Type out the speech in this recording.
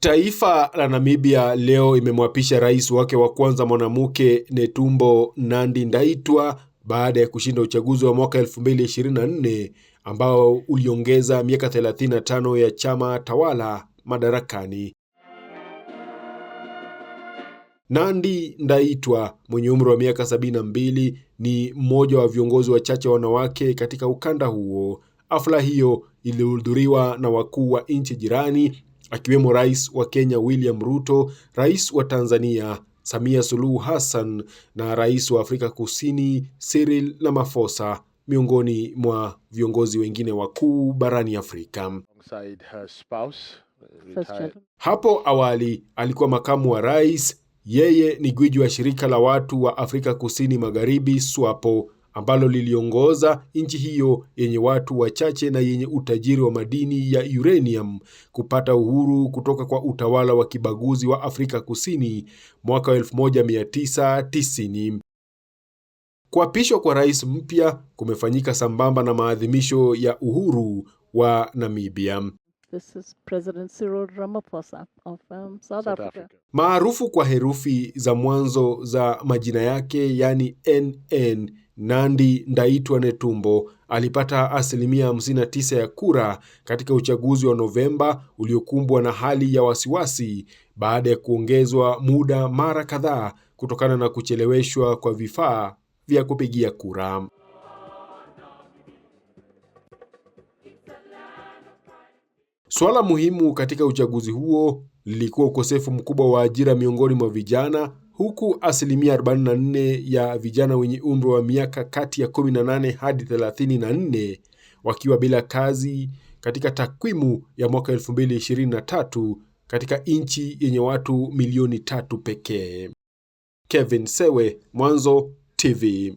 Taifa la Namibia leo imemwapisha rais wake wa kwanza mwanamke Netumbo Nandi Ndaitwa baada ya kushinda uchaguzi wa mwaka 2024 ambao uliongeza miaka 35 ya chama tawala madarakani. Nandi Ndaitwa mwenye umri wa miaka 72 ni mmoja wa viongozi wachache wanawake katika ukanda huo. Hafla hiyo ilihudhuriwa na wakuu wa nchi jirani akiwemo rais wa Kenya William Ruto, rais wa Tanzania Samia Suluhu Hassan na rais wa Afrika Kusini Cyril Ramaphosa miongoni mwa viongozi wengine wakuu barani Afrika. Uh, Hapo awali alikuwa makamu wa rais. Yeye ni gwiji wa shirika la watu wa Afrika Kusini Magharibi SWAPO ambalo liliongoza nchi hiyo yenye watu wachache na yenye utajiri wa madini ya uranium kupata uhuru kutoka kwa utawala wa kibaguzi wa Afrika Kusini mwaka 1990. Kuapishwa kwa rais mpya kumefanyika sambamba na maadhimisho ya uhuru wa Namibia. This is President Cyril Ramaphosa of, um, South, Africa. Maarufu kwa herufi za mwanzo za majina yake yani NN Nandi Ndaitwa Netumbo alipata asilimia 59 ya kura katika uchaguzi wa Novemba uliokumbwa na hali ya wasiwasi baada ya kuongezwa muda mara kadhaa kutokana na kucheleweshwa kwa vifaa vya kupigia kura. Suala muhimu katika uchaguzi huo lilikuwa ukosefu mkubwa wa ajira miongoni mwa vijana huku asilimia 44 ya vijana wenye umri wa miaka kati ya 18 hadi 34 wakiwa bila kazi katika takwimu ya mwaka 2023 katika nchi yenye watu milioni tatu pekee. Kevin Sewe, Mwanzo TV.